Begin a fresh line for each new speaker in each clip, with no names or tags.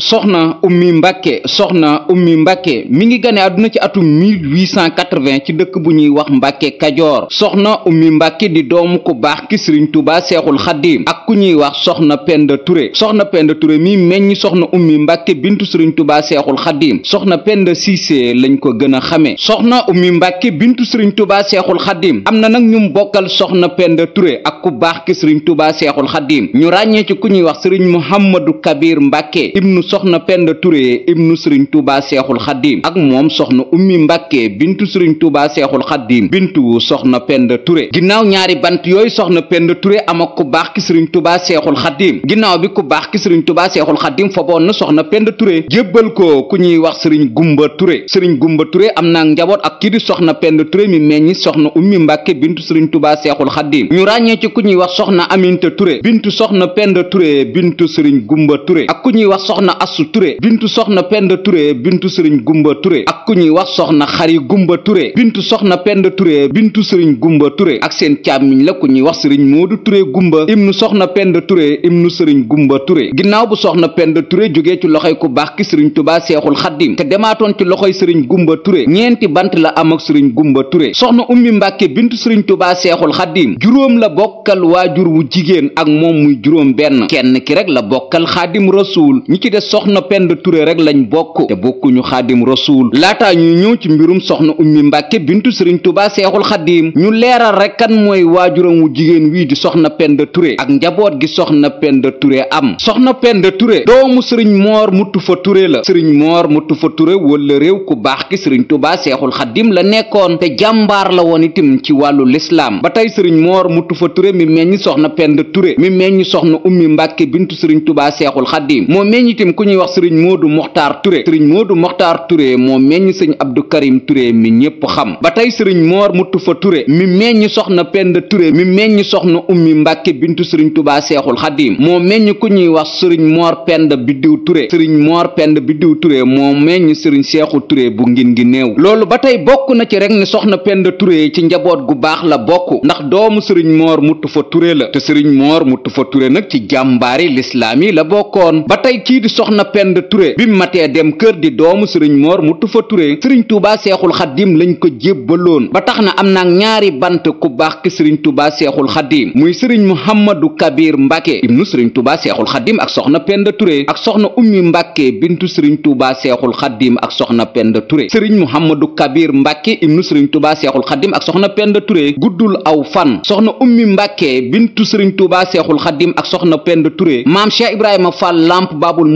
soxna ummi mbàkke soxna ummi mbàkke mi ngi gane àdduna ci atum 1880 ci dëkk bu ñuy wax mbàkke kajoor soxna ummi mbàkke di doomu ku baax ki sëriñ tubaa seexul xaddiim ak ku ñuy wax soxna penda ture soxna penda mi meññ soxna ummi mbàkke bintu sëriñ tubaa seexul xaddiim soxna penda siise lañ ko gën a xamee soxna ummi mbàkke bintu sëriñ tubaa seexul xaddiim am na nag ñu bokkal soxna penda ture ak ku baax ki sëriñ tubaa seexul xaddiim ñu ràññee ci ku ñuy wax sëriñ muhammadu kabir mbàkke ibnu bintu soxna Penda Touré ibnu sëriñ Touba Seexul Xaddiim ak moom soxna Ummi Mbàkke bintu sëriñ Touba Seexul Xaddiim bintu soxna Penda Touré ginnaaw ñaari bant yooyu soxna Penda Touré am ak ku baax ki sëriñ Touba Seexul Xaddiim ginnaaw bi ku baax ki sëriñ Touba Seexul Xaddiim foboon na soxna Penda Touré jébbal ko ku ñuy wax sëriñ Gumba Touré sëriñ Gumba Touré am na njaboot ak kii di soxna Penda Touré mi meññi soxna Ummi Mbàkke bintu sëriñ tubaa Seexul Xaddiim ñu ràññee ci ku ñuy wax soxna Aminta Touré bintu soxna Penda Touré bintu sëriñ Gumba Touré ak ku ñuy wax soxna soxna assu Touré bintu soxna Penda Touré bintu sëriñ Gumba Touré ak ku ñuy wax soxna xari Gumba Touré bintu soxna Penda Touré bintu sëriñ Gumba Touré ak seen càmmiñ la ku ñuy wax sëriñ Moodu Touré Gumba ibnu soxna Penda Touré ibnu sëriñ Gumba Touré ginnaaw bu soxna Penda Touré jógee ci loxoy ku baax ki sëriñ Tubaa Seexul Xaddim te demaatoon ci loxoy sëriñ Gumba Touré ñeenti bant la am ak sëriñ Gumba Touré soxna Ummi Mbàkke bintu sëriñ Tubaa Seexul Xaddim juróom la bokkal waajur wu jigéen ak moom muy juróom benn kenn ki rek la bokkal Xaadim Rasuul ñi soxna Penda Touré rek lañ bokk te bokkuñu xaadim rasuul laataa ñu ñëw ci mbirum soxna ummi mbàkke bintu sëriñ tubaa seexul xaadim ñu leeral rek kan mooy waajuram jigéen wii di soxna Penda Touré ak njaboot gi soxna Penda Touré am soxna Penda Touré doomu sëriñ moor muttu fa Touré la sëriñ moor muttu fa Touré wala réew ku baax ki sëriñ tubaa seexul xaadim la nekkoon te jàmbaar la woon itam ci wàllu lislaam ba tey sëriñ moor mutu fa ture mi meññi soxna Penda Touré mi meññi soxna ummi mbàkke bintu sëriñ tubaa seexul xaadim moo meññitim meññ ku ñuy wax sëriñ Modou Mokhtar Touré sëriñ Modou Mokhtar Touré moo meññ sëñ Abdou Karim Touré mi ñépp xam ba tey sëriñ Mor Mutufa Touré mi meññ soxna pend Touré mi meññ soxna Ummi Mbàkke bintu sëriñ Tubaa Seexul Xadiim moo meññ ku ñuy wax sëriñ Mor Penda Biddiw Touré sëriñ Mor Penda Biddiw Touré moo meññ sëriñ Seexu Touré bu ngin ngi néew loolu ba tey bokk na ci rek ni soxna pend Touré ci njaboot gu baax la bokk ndax doomu sëriñ Mor fa Touré la te sëriñ Mor fa ture nag ci jàmbaari lislaam yi la bokkoon ba tey kii di soxna pend Touré bi mu matee dem kër di doomu sëriñ moor mu tufa Touré sëriñ Touba seexul xaddim lañ ko jébbaloon ba tax na am na ñaari bant ku baax ki sëriñ Touba seexul xaddim muy sëriñ Muhammadu Kabir Mbàkke ibnu sëriñ Touba seexul xaddim ak soxna pend Touré ak soxna ummi Mbàkke bintu sëriñ Touba seexul xaddim ak soxna pend Touré sëriñ Muhammadu Kabir Mbàkke ibnu sëriñ Touba seexul xaddim ak soxna pend Touré guddul aw fan soxna ummi Mbàkke bintu sëriñ Touba seexul xaddim ak soxna pend Touré maam Cheikh Ibrahima Fall lamp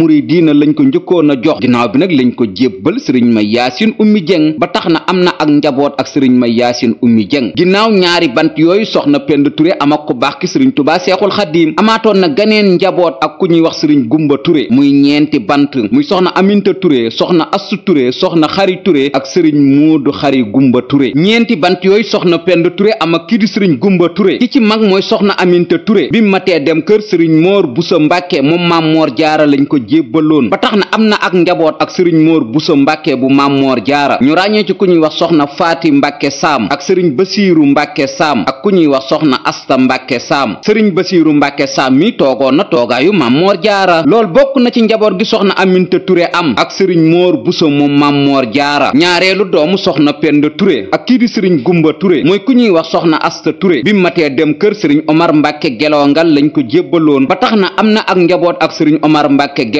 muridiina lañ ko njëkkoon a jox ginnaaw bi nag lañ ko jébbal sëriñ ma yaasin ummi jeng ba tax na am na ak njaboot ak sëriñ ma yaasin ummi jeng ginnaaw ñaari bant yooyu soxna pend ture am ak ku baax ki sëriñ tubaa seexul xadiim amaatoon ku ñuy wax sëriñ gumba ture muy ñeenti bant muy soxna aminta ture soxna assu ture soxna xari ture ak sëriñ muudu xari gumba ture ñeenti bant yooyu soxna pend ture am ak kii di sëriñ gumba ture ki ci mag mooy soxna aminta ture bi matee dem kër sëriñ moor busa mbàkke moom maam moor jaara lañ ko jébbaloon ba tax na am na ak njaboot ak sëriñ móor buso mbàkke bu màmmoor jaara ñu ràññee ci ku ñuy wax soxna faati mbàkke saam ak sëriñ basiiru mbàkke saam ak ku ñuy wax soxna asta mbàkke saam sëriñ basiiru mbàkke saam mi toogoon na toogaayu màmmoor jaara lool bokk na ci njaboot gi soxna aminta ture am ak sëriñ móor buso moom màmmoor jaara ñaareelu doomu soxna penda ture ak kii di sëriñ gumba ture mooy ku ñuy wax soxna asta ture bi matee dem kër sëriñ omar mbàkke gelongal lañ ko jébbaloon ba tax na am na ak njaboot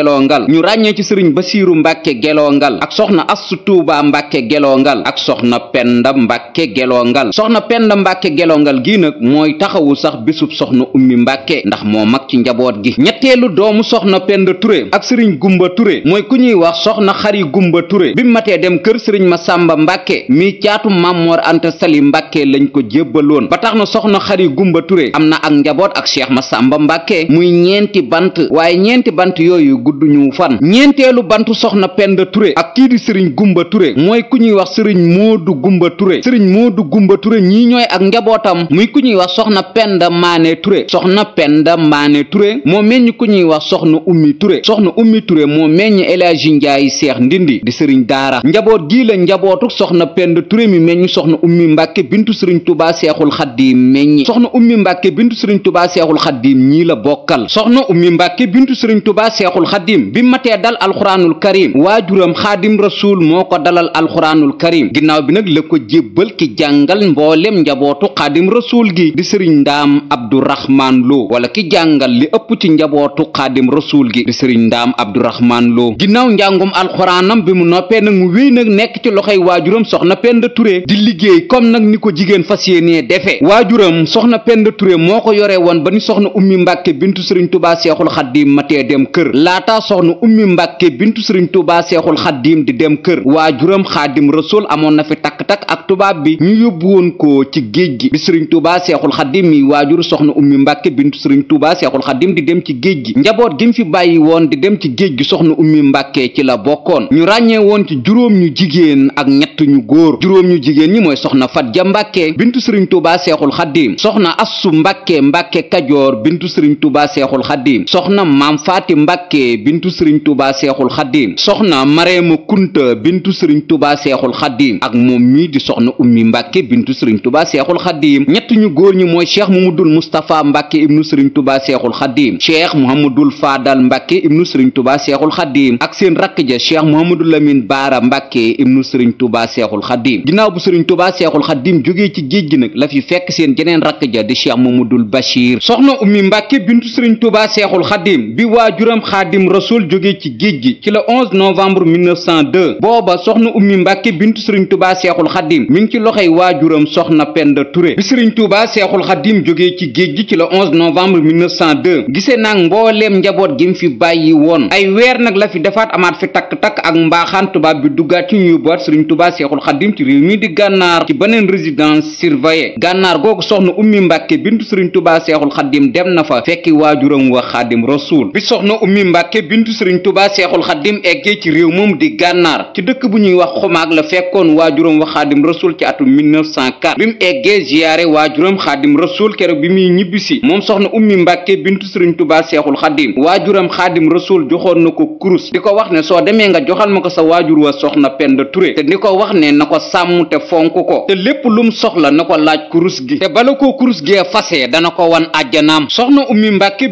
gelongal ñu ràññee ci sëriñ basiiru mbàkke gelongal ak soxna assu tuuba mbàkke gelongal ak soxna penda mbàkke gelongal soxna penda mbàkke gelongal gi nag mooy taxawu sax bisub soxna ummi mbàkke ndax moo mag ci njaboot gi ñetteelu doomu soxna penda ture ak sëriñ gumba ture mooy ku ñuy wax soxna xari gumba ture bi matee dem kër sëriñ ma sàmba mbàkke mi caatu mammoor anta sali mbàkke lañ ko jébbaloon ba tax na soxna xari gumba ture am na ak njaboot ak cheikh ma sàmba mbàkke muy ñeenti duñu fan ñeenteelu bantu soxna Penda Touré ak kii di sëriñ Gumba Touré mooy ku ñuy wax sëriñ Moodu Gumba Touré sëriñ Moodu Gumba ture ñii ñooy ak njabootam muy ku ñuy wax soxna Penda Maane Touré soxna Penda Maane Touré moo meññ ku ñuy wax soxna Ummi Touré soxna Ummi Touré moo meññ El Hadji Njaay Seex Ndindi di sëriñ daara njaboot gii la njabootu soxna Penda Touré mi meññ soxna Ummi Mbàkke bintu sëriñ Tuubaa Seexul Xaddiim meññ soxna Ummi Mbàkke bintu sëriñ Tuubaa Seexul Xaddiim ñii la bokkal soxna Ummi Mbàkke bintu sëriñ Tuubaa xaadim bi matee dal alxuraanul karim waajuram xaadim rasuul moo ko dalal alxuraanul karim ginnaaw bi nag la ko jébbal ki jàngal mboolem njabootu xaadim rasuul gi di sëriñ ndaam abdurahmaan loo wala ki jàngal li ëpp ci njabootu xaadim rasuul gi di sëriñ ndaam abdurahmaan loo ginnaaw njàngum alxuraanam bi mu noppee nag mu wéy nag nekk ci loxoy waajuram soxna penda ture di liggéey comme nag ni ko jigéen fas yéenee defee waajuram soxna penda ture moo ko yore woon ba soxna ummi mbàkke bintu sëriñ tubaa seexul dem kër laataa soxna ummi mbàkke bintu sëriñ tuuba seexul xaddiim di dem kër waajuram xaadim rasuul amoon na fi takk-takk ak tubaab bi ñu yóbbu woon ko ci géej gi bi sëriñ tuuba seexul xaddiim mi waajur soxna ummi mbàkke bintu sëriñ tuuba seexul xaddiim di dem ci géej gi njaboot gi mu fi bàyyi woon di dem ci géej gi soxna ummi mbàkke ci la bokkoon ñu ràññee woon ci juróom ñu jigéen ak ñett ñu góor juróom ñu jigéen ñi mooy soxna fat ja mbàkke bintu sëriñ tuuba seexul xaddiim soxna assu mbàkke mbàkke kajoor bintu sëriñ tuuba seexul xaddiim bintu sëriñ tubaa seexul xaddiim soxna mareema kunta bintu sëriñ tubaa seexul xaddiim ak moom mii di soxna ummi mbàkke bintu sëriñ tubaa seexul xaddiim ñett ñu góor ñi mooy cheikh mamadul mustapha mbàkke ibnu sëriñ tubaa seexul xaddiim cheikh mohamadul faadal mbàkke ibnu sëriñ tubaa seexul xaddiim ak seen rakk ja cheikh mohamadul lamin baara mbàkke ibnu sëriñ tubaa seexul xaddiim ginnaaw bu sëriñ tubaa seexul xaddiim jógee ci géej gi nag la fi fekk seen jeneen rakk ja di cheikh mamadul bachir soxna ummi mbàkke bintu sëriñ tubaa seexul xaddiim bi waajuram rasul jóge ci géej gi ci la 11 novembre 1902 booba soxna ummi mbàkke bintu sëriñ tubaa seexul xaddim mi ngi ci loxoy waajuram soxna penda ture bi sëriñ tubaa seexul xaddim jóge ci géej gi ci la 11 novembre 1902 gisee nag mbooleem njaboot gi mu fi bàyyi woon ay weer nag la fi defaat amaat fi takk-takk ak mbaaxaan tubaab bi duggaat ci ñuy boot sëriñ tubaa seexul xaddim ci réew mi di gànnaar ci beneen résidence surveillée gànnaar googu soxna ummi mbàkke bintu sëriñ tubaa seexul xaddim dem na fa fekki waajuram wa xaddim rasul bi soxna ummi mbàkke bintu sëriñ tubaa seexul xaddim eggee ci réew moom di gànnaar ci dëkk bu ñuy wax xumaag la fekkoon waajuram wa xaadim rasul ci atum 1904 bi mu eggee ziyaare waajuram xaadim rasul keroog bi muy ñibbisi moom soxna ummi mbàkke bintu sëriñ tubaa seexul xaddim waajuram xaadim rasul joxoon na ko kurus di ko wax ne soo demee nga joxal ma ko sa waajur wa soxna penda ture te ni ko wax ne na ko sàmm te fonk ko te lépp lum soxla na ko laaj kurus gi te bala ko kurus gee fasee dana ko wan àjjanaam soxna ummi mbàkke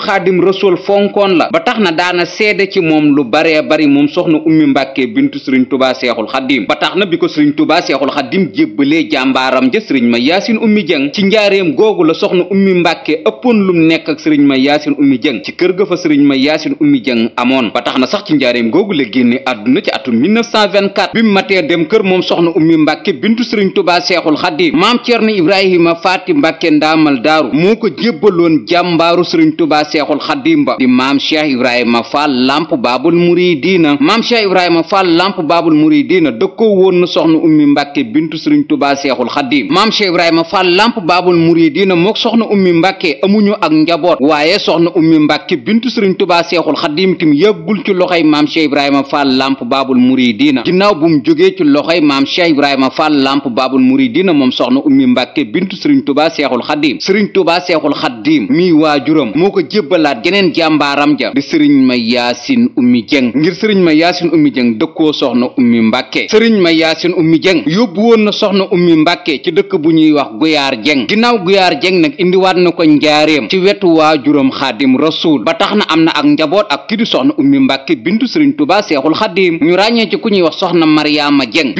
xaadim rasul fonkoon la ba tax na daana seede ci moom lu baree bari moom soxna ummi mbàkke bintu sëriñ tubaa seexul xadim ba tax na bi ko sëriñ tubaa seexul xadim jébbalee jàmbaaram ja sëriñ ma yaasin ummi jëng ci njaareem googu la soxna ummi mbàkke ëppoon lum nekk ak sëriñ ma yaasin ummi jëng ci kër ga fa sëriñ ma yaasin ummi jëng amoon ba tax na sax ci njaareem googu la génne àdduna ci atum 1924 bi mu matee dem kër moom soxna ummi mbàkke bintu sëriñ tubaa seexul xadim maam ceerno ibrahima faati mbàkke ndaamal daaru moo ko jébbaloon jàmbaaru sëriñ tubaa seexul xaddim ba di maam cheikh ibrahima fall lamp baabul muridiina maam cheikh ibrahima fall lamp baabul muridiina dëkkoo woon na soxna ummi mbàkke bintu sëriñ tubaa seexul xaddim maam cheikh ibrahima fall lamp baabul muridiina mook soxna ummi mbàkke amuñu ak njaboot waaye soxna ummi mbàkke bintu sëriñ tubaa seexul xaddim kim yàggul ci loxoy maam cheikh ibrahima fall lamp baabul muridiina ginnaaw bu mu jógee ci loxoy maam cheikh ibrahima fall lamp baabul muridiina moom soxna ummi mbàkke bintu sëriñ tubaa seexul xaddim sëriñ tubaa seexul xaddim mi waajuram moo ko jébbalaat geneen jàmbaaram ja di sëriñ ma yaasin ummi jëng ngir sëriñ ma yaasin ummi jëng dëkkoo soxna ummi mbàkke sëriñ ma yaasin ummi jëng woon na soxna ummi mbàkke ci dëkk bu ñuy wax guyaar jëng ginnaaw guyaar jëng nag indiwaat na ko njaareem ci wetu waajuram xaadim rasuul ba tax na am na ak njaboot ak kii di soxna ummi mbàkke bintu sëriñ tubaa seexul xaadim ñu ràññee ci ku ñuy wax soxna maryaama jëng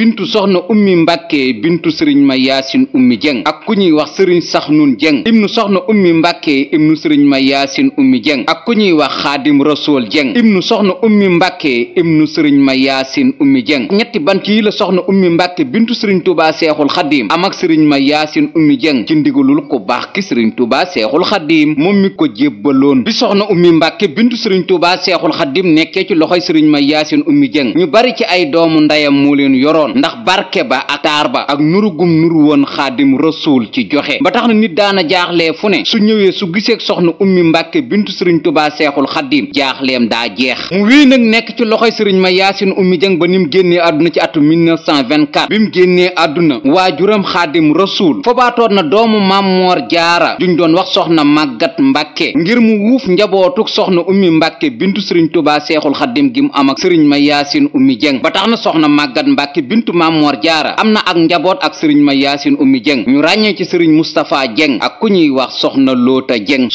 sëriñ ma yaasin ummi jëng ak ku ñuy wax sëriñ soxna ummi mbàkke ibnu sëriñ ma yaasin Serigne Oumy Dieng ak ku ñuy wax Xaadim Rasool Dieng ibnu soxna Oumy Mbàkke ibnu Serigne Mayaasin Oumy Dieng ñetti bant yi la soxna Oumy Mbàkke bintu Serigne Touba Seexul Xadiim am ak Serigne Mayaasin Oumy Dieng ci ndigalul ku baax ki Serigne Touba Seexul Xadiim moom mi ko jébbaloon bi soxna Oumy Mbàkke bintu Serigne Touba Seexul Xadiim nekkee ci loxoy Serigne Mayaasin Oumy Dieng ñu bari ci ay doomu ndeyam moo leen yoroon ndax barke ba ak taar ba ak nurugum nuru woon Xaadim Rasool ci joxe ba tax na nit daana jaaxlee fu ne su ñëwee su gisee soxna Oumy mbàkke bintu sëriñ tubaa seexul xaddiim jaaxleem daa jeex mu wéy nag nekk ci loxoy sëriñ ma yaasin ummi jëng ba ni mu génnee àdduna ci atum 1924 bi mu génnee adduna waajuram xaadim rasuul fobaatoon na doomu mammoor jaara juñ doon wax soxna màggat mbàkke ngir mu wuuf njabootuk soxna ummi mbàkke bintu sëriñ tubaa seexul xaddiim gi mu am ak sëriñ ma yaasin ummi jëng ba tax na soxna màggat mbàkke bintu mammoor jaara am na ak njaboot ak sëriñ ma yaasin ummi jëng ñu ràññee ci sëriñ mustapha jëng ak ku ñuy wax soxna loota jëng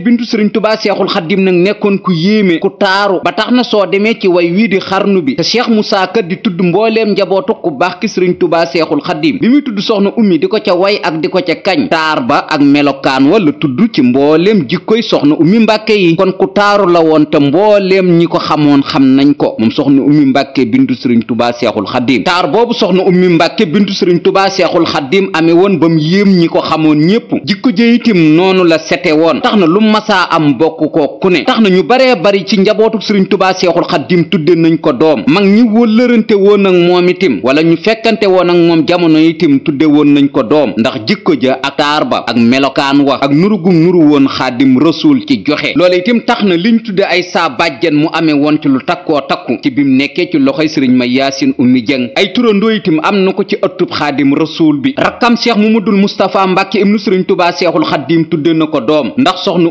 bintu sëriñ tubaa seexul xaddim nag nekkoon ku yéeme ku taaru ba tax na soo demee ci way wii di xarnu bi te cheikh Moussa Ka di tudd mbooleem njabootu ku baax ki sëriñ tubaa seexul xaddim bi muy tudd soxna ummi di ko ca way ak di ko ca kañ taar ba ak melokaan wa tudd ci mbooleem jikkoy soxna ummi mbàkke yi kon ku taaru la woon te mboolem ñi ko xamoon xam nañ ko moom soxna ummi mbàkke bintu sëriñ tubaa seexul xaddim taar boobu soxna ummi mbàkke bintu sëriñ tubaa seexul xaddim amee woon ba mu yéem ko xamoon ñépp jikko masaa am bokk ko ku ne tax na ñu baree bari ci njabootuk sëriñ tubaa seexul xaddim tudde nañ ko doom mag ñi wëllërante woon ak moom itim wala ñu fekkante woon ak moom jamono itim tudde woon nañ ko doom ndax jikko ja ak taar ba ak melokaan wa ak nurugum nuru woon xaadim rasuul ci joxe loola itim tax na liñ tudde ay saa bàjjen mu amee woon ci lu takkoo takku ci bim nekkee ci loxoy sëriñ ma yaasin ummi jëng ay turandoo itim am nu ko ci ëttub xaadim rasuul bi rakkam seex mamadul mustapha mbàkke ibnu sëriñ tubaa seexul xaddim tudde na ko doom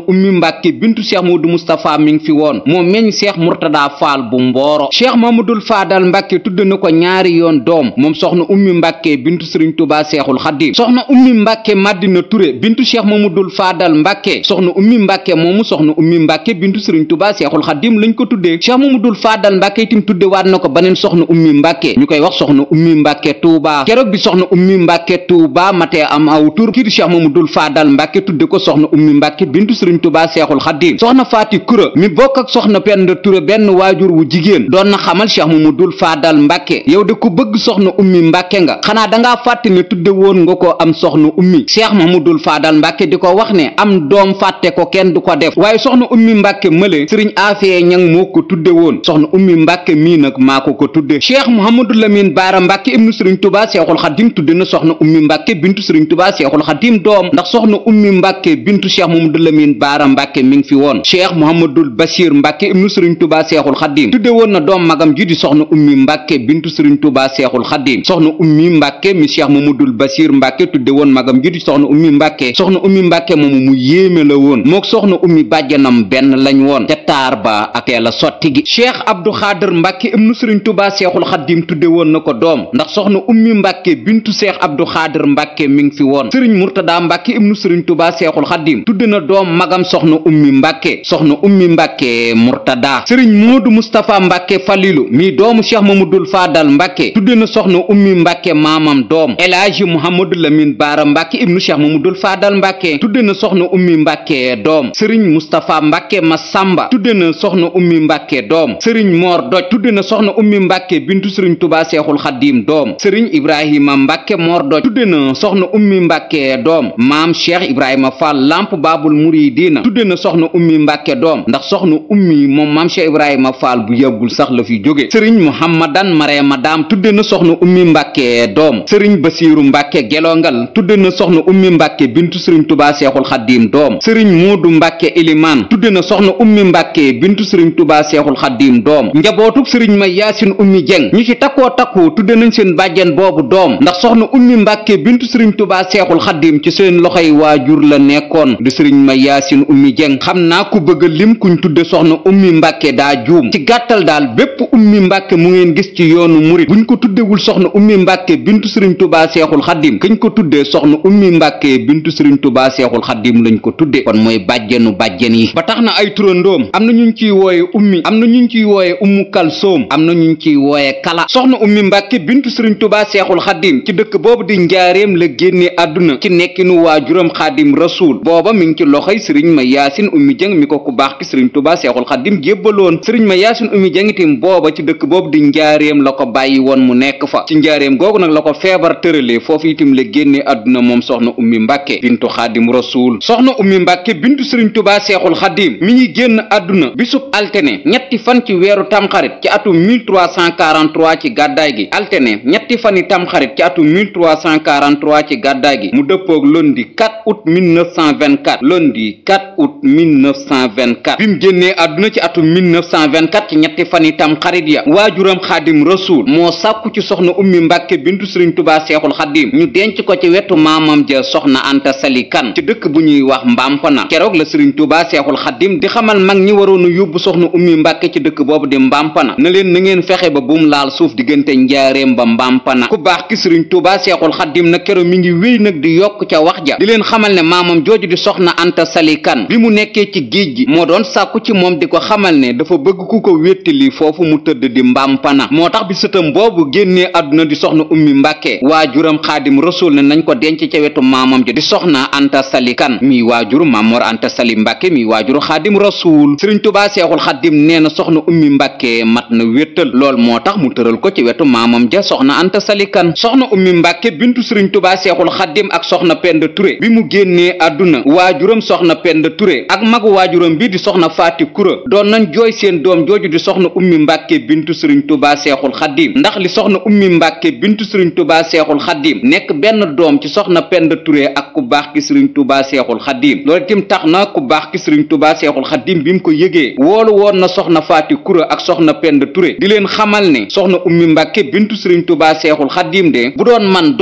soxna ummi mbàkke bintu cheikh Modou Moustapha mi ngi fi woon moo meñ cheikh Mourtada Fall bu Mboro cheikh Mamadul Faadal Mbàkke tudd na ko ñaari yoon doom moom soxna ummi mbàkke bintu sëriñ Touba Seexul Xadim soxna ummi mbàkke Madina Touré bintu cheikh Mamadul Faadal Mbàkke soxna ummi mbàkke moomu soxna ummi mbàkke bintu sëriñ Touba Seexul Xadim lañ ko tuddee cheikh Mamadul Faadal Mbàkke itam tudde waat na ko baneen soxna ummi mbàkke ñu koy wax soxna ummi mbàkke Touba keroog bi soxna ummi mbàkke Touba matee am aw tur kii di cheikh Mamadul Faadal Mbàkke tudde ko soxna ummi mbàkke bintu sëriñ sëriñ tubaa seexul xaddiim soxna faati kura mi bokk ak soxna penda ture benn waajur wu jigéen doon na xamal cheikh mamadul faadal mbàkke yow de ko bëgg soxna ummi mbàkke nga xanaa dangaa fàtte ne tudde woon nga ko am soxna ummi mu dul faadal mbàkke di ko wax ne am doom fàtte ko kenn du ko def waaye soxna ummi mbàkke mële sëriñ aafee ñang moo ko tudde woon soxna ummi mbàkke mii nag maa ko ko tudde cheikh mouhamadou lamine baara mbàkke ibnu sëriñ tubaa seexul xaddiim tudde na soxna ummi mbàkke bintu sëriñ tubaa seexul xaddiim doom ndax soxna ummi mbàkke bintu cheikh mamadou lamine baara mbàkke mi ngi fi woon cheikh mohamadul bashir mbàkke ibnu sëriñ tubaa seexul xaddiim tudde woon na doom magam ji di soxna ummi mbàkke bintu sëriñ tubaa seexul xaddiim soxna ummi mbàkke mi cheikh mohamadul bashir mbàkke tudde woon magam ji di soxna ummi mbàkke soxna ummi mbàkke moomu mu yéeme la woon mook soxna ummi bàjjanam benn lañ woon te taar ba ak teel a sotti gi cheikh abdou xaadir mbàkke ibnu sëriñ tubaa seexul xaddiim tudde woon na ko doom ndax soxna ummi mbàkke bintu cheikh abdou xaadir mbàkke mi ngi fi woon sëriñ murtada mbàkke ibnu sëriñ tubaa seexul xaddiim tudde na doom mag magam soxna ummi mbàkke soxna ummi mbàkke murtada sëriñ moodu mustapha mbàkke falilu mi doomu cheikh mamadul faadal mbàkke tudde na soxna ummi mbàkke maamam doom elaaji muhammadu lamin baara mbàkke ibnu cheikh mamadul faadal mbàkke tudde na soxna ummi mbàkke doom sëriñ mustapha mbàkke masamba tudde na soxna ummi mbàkke doom sëriñ moor doj tudde na soxna ummi mbàkke bintu sëriñ tubaa seexul xaddiim doom sëriñ ibrahima mbàkke moor doj tudde na soxna ummi mbàkke doom maam cheikh ibrahima fall lamp baabul muridi diina tudde na soxna ummi mbàkke doom ndax soxna ummi moom maam Cheikh Ibrahima Fall bu yàggul sax la fi jóge sëriñ Muhammadan Marema Daam tudde na soxna ummi mbàkke doom sëriñ Basiiru mbàkke gelongal tudde na soxna ummi mbàkke bintu sëriñ Tuubaa Seexul Xaddiim doom sëriñ Moodu mbàkke Ilimaan tudde na soxna ummi mbàkke bintu sëriñ Tuubaa Seexul Xaddiim doom njabootug sëriñ ma Yaasin ummi Jeng ñi ci takkoo takku tudde nañ seen bàjjen boobu doom ndax soxna ummi mbàkke bintu sëriñ Tuubaa Seexul Xaddiim ci seen loxoy waajur la nekkoon di sëriñ ma Yaasin Yacine Oumy Dieng xam naa ku bëgg a lim kuñ tudde soxna ummi mbàkke daa juum ci gàttal daal bépp ummi mbàkke mu ngeen gis ci yoonu murit buñ ko tuddewul soxna ummi mbàkke bintu sëriñ tubaa seexul xaddim kiñ ko tuddee soxna ummi mbàkke bintu sëriñ tubaa seexul xaddim lañ ko tudde kon mooy bàjjenu bàjjen yi ba tax na ay turandoom am na ñu ciy wooye ummi am na ñu ciy wooye ummu kalsoom am na ñu ciy wooye kala soxna ummi mbàkke bintu sëriñ tubaa seexul xaddim ci dëkk boobu di njaareem la génne àdduna ci nekkinu waajuram waa rasuul booba mi ngi ci loxoy sëriñ ma yaasin ko ku baax ki sëriñ tubaa seexul xaddim jébbaloon sëriñ ma yaasin ummi jëng boobu di njaareem la ko bàyyi woon mu nekk fa ci njaareem googu nag la ko feebar tëralee foofu itam la génnee àdduna moom soxna ummi mbàkke bintu xaadim rasuul soxna ummi mbàkke bintu sëriñ tubaa seexul xaddim mi ngi génn àdduna bisub altene ñetti fan ci weeru tamxarit ci atum 1343 ci gàddaay gi altene ñetti fani tamxarit ci atum 1343 ci gàddaay gi mu dëppoog lundi 4 août 1924 lundi 4 août 1924 bi mu génnee àdduna ci atum 1924 ci ñetti fan yi tam xarit ya waajuram xaadim rasuul moo sàkku ci soxna ummi mbàkke bintu sëriñ tubaa seexul xaadim ñu denc ko ci wetu maamam ja soxna anta sali kan ci dëkk bu ñuy wax mbampana keroog la sëriñ tubaa seexul xaadim di xamal mag ñi waroonu yóbbu soxna ummi mbàkke ci dëkk boobu di mbampana na leen na ngeen fexe ba buum laal suuf diggante njaareem ba mbampana ku baax ki sëriñ tubaa seexul xaadim na keroog mi ngi wéy nag di yokk ca wax ja di leen xamal ne maamam di kan bi mu nekkee ci géej gi moo doon sàkku ci moom di ko xamal ne dafa bëgg ku ko wéttali foofu mu tëdd di mbampana moo tax bi sëtam boobu génnee adduna di soxna ummi mbàkke waajuram xaadim rasul ne nañ ko denc ca wetu maamam ji di soxna anta sali kan miy waajuru mamor anta sali mbàkke miy waajuru xaadim rasul sëriñ tubaa seexul xaadim nee na soxna ummi mbàkke mat na wéttal lool moo tax mu tëral ko ci wetu maamam ja soxna anta sali kan soxna ummi mbàkke bintu sëriñ tubaa seexul xaadim ak soxna pend ture bi mu génnee àdduna waajuram soxna Penda Touré ak magu waajuram bi di soxna Faati Kura doon nañ jooy seen doom jooju di soxna ummi mbàkke bintu sëriñ tubaa seexul xaddiim ndax li soxna ummi mbàkke bintu sëriñ tubaa seexul xaddiim nekk benn doom ci soxna Penda Touré ak ku baax ki sëriñ tubaa seexul xaddiim loolu itam tax na ku baax ki sëriñ tubaa seexul xaddiim bi mu ko yëgee woolu woon na soxna Faati Kura ak soxna Penda Touré di leen xamal ne soxna ummi mbàkke bintu sëriñ tubaa seexul xaddiim de bu doon man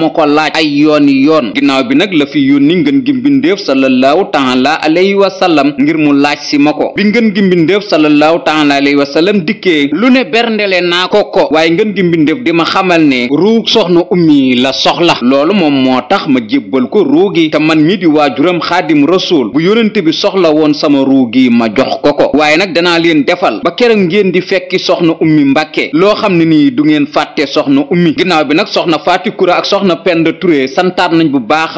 ma ko laaj ay yooni yoon ginnaaw bi nag la ki yónni ngën gi mbindéef sallallahu taala alayhi wa sallam ngir mu laaj si ma ko bi ngën gi mbindéef sallallahu taala alayhi wa sallam dikkee lu ne berndele naa ko ko waaye ngën gi mbindéef di ma xamal ne ruug soxna ummi la soxla loolu moom moo tax ma jébbal ko ruugi te man mi di waajuram xaadim rasul bu yónent bi soxla woon sama ruugi ma jox ko ko waaye nag danaa leen defal ba keroog ngeen di fekki soxna ummi mbàkke loo xam ne nii du ngeen fàtte soxna ummi ginnaaw bi nag soxna faati kura ak soxna pend turé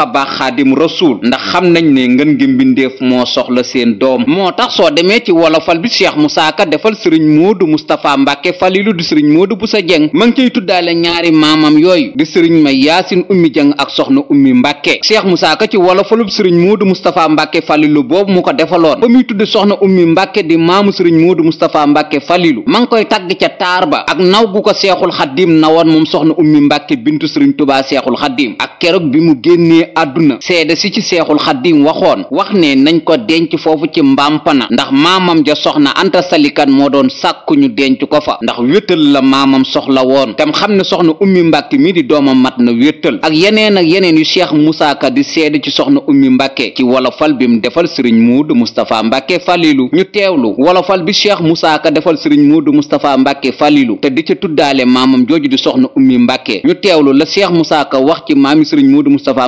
a baax xaadim rasul ndax xam nañ ne ngën gi mbindeef moo soxla seen doom moo tax soo demee ci wolofal bi cheikh Moussa Ka defal sëriñ Moodu Moustapha Mbàkke Falilu di sëriñ Moodu Busa Jeng ma ngi ciy tuddaale ñaari maamam yooyu di sëriñ May Yaasin Ummi Jeng ak soxna Ummi Mbàkke cheikh Moussa Ka ci wolofalub sëriñ Moodu Moustapha Mbàkke Falilu boobu mu ko defaloon ba muy tudd soxna Ummi Mbàkke di maamu sëriñ Moodu Moustapha Mbàkke Falilu ma ngi koy tagg ca taar ba ak naw gu ko seexul xaddim nawoon moom soxna Ummi Mbàkke bintu sëriñ Tubaa seexul xaddim ak keroog bi mu génnee àdduna seede si ci seexul xaddim waxoon wax ne nañ ko denc foofu ci mbampana ndax maamam ja soxna anta salikan moo doon sàkku ñu denc ko fa ndax wétal la maamam soxla woon tam xam ne soxna ummi mbàkke mi di doomam mat na wétal ak yeneen ak yeneen yu cheikh Moussa Ka di seede ci soxna ummi mbàkke ci wolofal bi mu defal sëriñ muudu mustapha mbàkke falilu ñu teewlu wolofal bi cheikh Moussa Ka defal sëriñ muudu mustapha mbàkke falilu te di ci tuddaale maam jooju di soxna ummi mbàkke ñu teewlu la cheikh Moussa Ka wax ci maami sëriñ muudu mustapha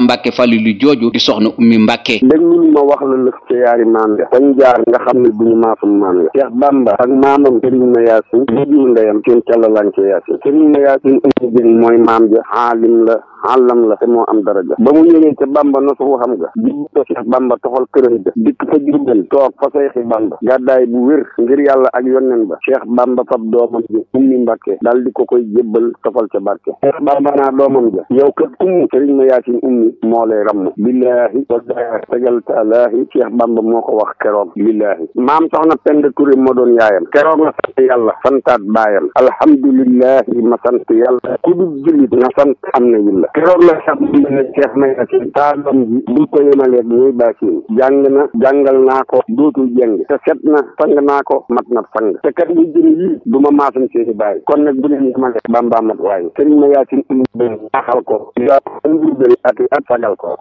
jooju di soxna ummi mbàkke dégg
ñun ma wax la lëf ca yaari maam ya dañ jaar nga xam ne bu ñu maasum maam ya Cheikh Bamba ak maamam sëriñ ma yaasin jur ndeyam kenn ca la lañ ca yaasin sëriñ ma yaasin ummi jëng mooy maam ja xaalim la àllam la te moo am daraja ba mu ñëwee ca bamba nosu waxam ga jubto Cheikh bamba toxal këram ga dikk fa jurbel toog fa seyxi bamba gàddaay bu wér ngir yàlla ak yonnen ba seex bamba fab doomam ja ummi mbàkke dal di ko koy jébbal tofal ca barke Cheikh bamba naa doomam ja yow kat ummi sëriñ ma yaasin ummi moo lay ramm billaahi wallaahi tegal taalaahi Cheikh bamba moo ko wax keroog billaahi maam soxna pend kuré moo doon yaayam keroog la sant yàlla santaat baayam alhamdulillahi sant yàlla ku am na yilla keroog la sax mu ne Cheikh may ak taa doom ji buñ ko yemalee bu yooyu baa siw jàng na jàngal naa ko dootul jàng te set na sang naa ko mat na sang te kat bu yii du ma maasam seeni bàyyi kon nag bu leen yemale bamba mat waaye sëriñ ma yaa sin um ben axal ko yaa um bu bëri at at sagal ko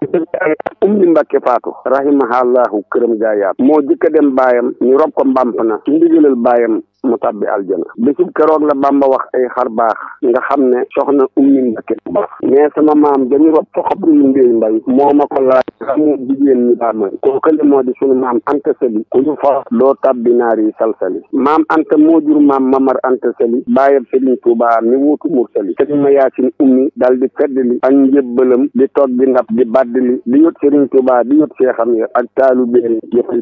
um di këram gaayaat moo jëkk a dem baayam ñu rob ko mbàmp na ci ndigalal baayam mu tàbbi aljana bisub keroog la Bamba wax ay xar baax nga xam ne soxna ummi Mbakke mais sama maam dañu rob fo xabru yu mbéy mbay moo ma ko laaj xamu jigéen ñi daa mooy kookële moo di sunu maam Anta Sali ku ñu fa doo tàbbi naar yi salsali maam Anta moo jur maam Mamar Anta Sali bàyyab Sëriñ Tuubaa mi wuutu mursali sëriñ ma yaasin ummi dal di feddli ak njëbbalam di toog di ndab di baddli di yót Sëriñ Tuubaa di yót seexam ya ak taalu béeri yëpp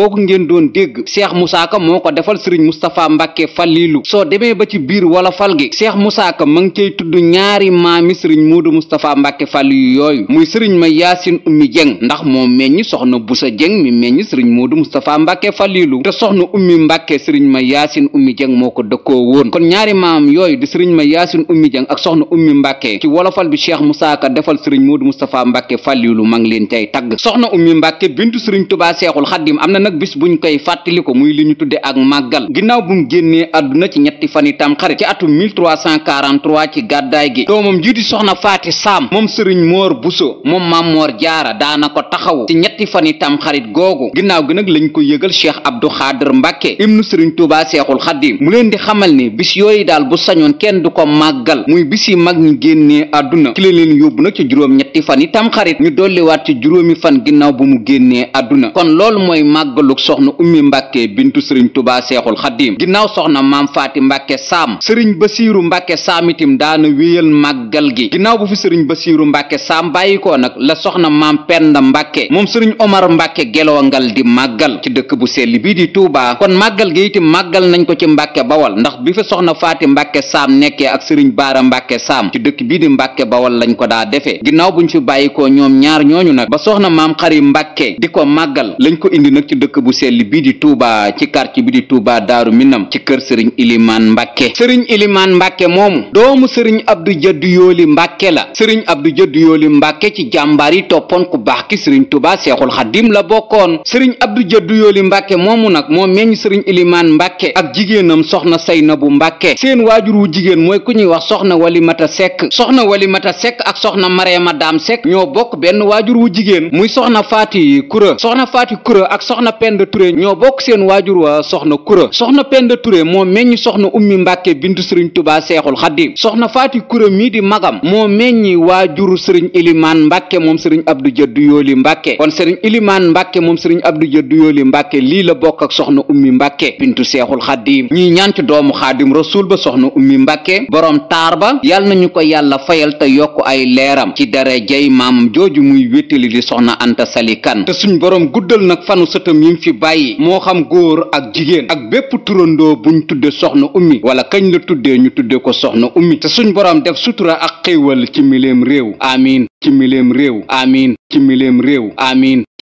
googu ngeen doon dégg seex musaa ka moo ko defal sëriñ mustapha mbàkke falilu soo demee ba ci biir wala fal gi seex musaa ka ma ngi cay tudd ñaari maami sëriñ muudu mustapha mbàkke falilu yooyu muy sëriñ ma yaasin ummi jëng ndax moo meññi soxna busa jëng mi meññi sëriñ muudu mustapha mbàkke falilu te soxna ummi mbàkke sëriñ ma yaasin ummi jëng moo ko dëkkoo woon kon ñaari maam yooyu di sëriñ ma yaasin ummi jëng ak soxna ummi mbàkke ci wolofal bi seex musaa ka defal sëriñ mu mustapha mbàkke falilu ma ngi leen cay tagg soxna ummi mbàkke bintu sëriñ tubaa seexul xaddim nag bis buñ koy fàttaliku muy li ñu tudde ak màggal ginnaw bu mu génnee àdduna ci ñetti fani tamxarit ci atum 1343 ci gàddaay gi doomam ji di soxna faati saam moom sëriñ moor buso moom maam moor jaara daana ko taxawu ñetti fani tamxarit googu ginnaaw gi nag lañ ko yëgal cheikh abdu xaadir mbàkke ibnu sëriñ tuuba seexul xadim mu leen di xamal ni bis yooyu daal bu sañoon kenn du ko màggal muy bis yi mag ñi génnee àdduna leen yóbbu nag ci juróom ñetti fan yi tamxarit ñu dolliwaat ci juróomi fan ginnaaw bu mu génnee àdduna kon loolu mooy màggalug soxna ummi mbàkke bintu sëriñ tuuba seexul xadim ginnaaw soxna maam faati mbàkke saam sëriñ basiiru mbàkke saam itam daana wéyal màggal gi ginnaaw bu fi sëriñ basiiru mbàkke saam bàyyi ko nag la soxna maam penda mbàkke moom sëriñ sëriñ omar mbàkke gelongal di màggal ci dëkk bu selli bii di tuubaa kon màggal gi itam màggal nañ ko ci mbàkke bawal ndax bi fi soxna faati mbàkke saam nekkee ak sëriñ baara mbàkke saam ci dëkk bii di mbàkke bawal lañ ko daa defee ginnaaw buñ fi bàyyikoo ñoom ñaar ñooñu nag ba soxna maam xari mbàkke di ko màggal lañ ko indi nag ci dëkk bu selli bii di tuubaa ci quartier bi di tuubaa daaru minam ci kër sëriñ ilimaan mbàkke sëriñ ilimaan mbàkke moomu doomu sëriñ abdu jëdd yooli mbàkke la sëriñ abdu jëdd yooli mbàkke ci jàmbaar yi toppoon ku baax ki sëriñ tuubaa seexul xaddim la bokkoon sëriñ abdu jaddu yooli mbàkke moomu nag moo meññ sëriñ ilimaan mbàkke ak jigéenam soxna bu mbàkke seen waajur wu jigéen mooy ku ñuy wax soxna walimata sekk soxna walimata sekk ak soxna mareema daam sekk ñoo bokk benn waajur wu jigéen muy soxna faati kura soxna faati kura ak soxna penda ture ñoo bokk seen waajur wa soxna kura soxna penda ture moo meññ soxna ummi mbàkke bintu sëriñ tubaa seexul xaddim soxna faati kura mii di magam moo meññi waajuru sëriñ ilimaan mbàkke moom sëriñ abdu jaddu yooli sëriñ ilimaan mbàkke moom sëriñ abdu ja duyooli mbàkke lii la bokk ak soxna ummi mbàkke bintu seexul xaddiim ñiy ñaan ci doomu xaadim rasuul ba soxna ummi mbàkke boroom taar ba yàlla ñu ko yàlla fayal te yokk ay leeram ci darajay maam jooju muy wéttali li soxna anta sali kan te suñ boroom guddal nag fanu sëtam yim fi bàyyi moo xam góor ak jigéen ak bépp turandoo bu buñ tudde soxna ummi wala kañ la tuddee ñu tuddee ko soxna ummi te suñ boroom def sutura ak xéewal ci miléem réew amiin ci miléem réew ci mileem réew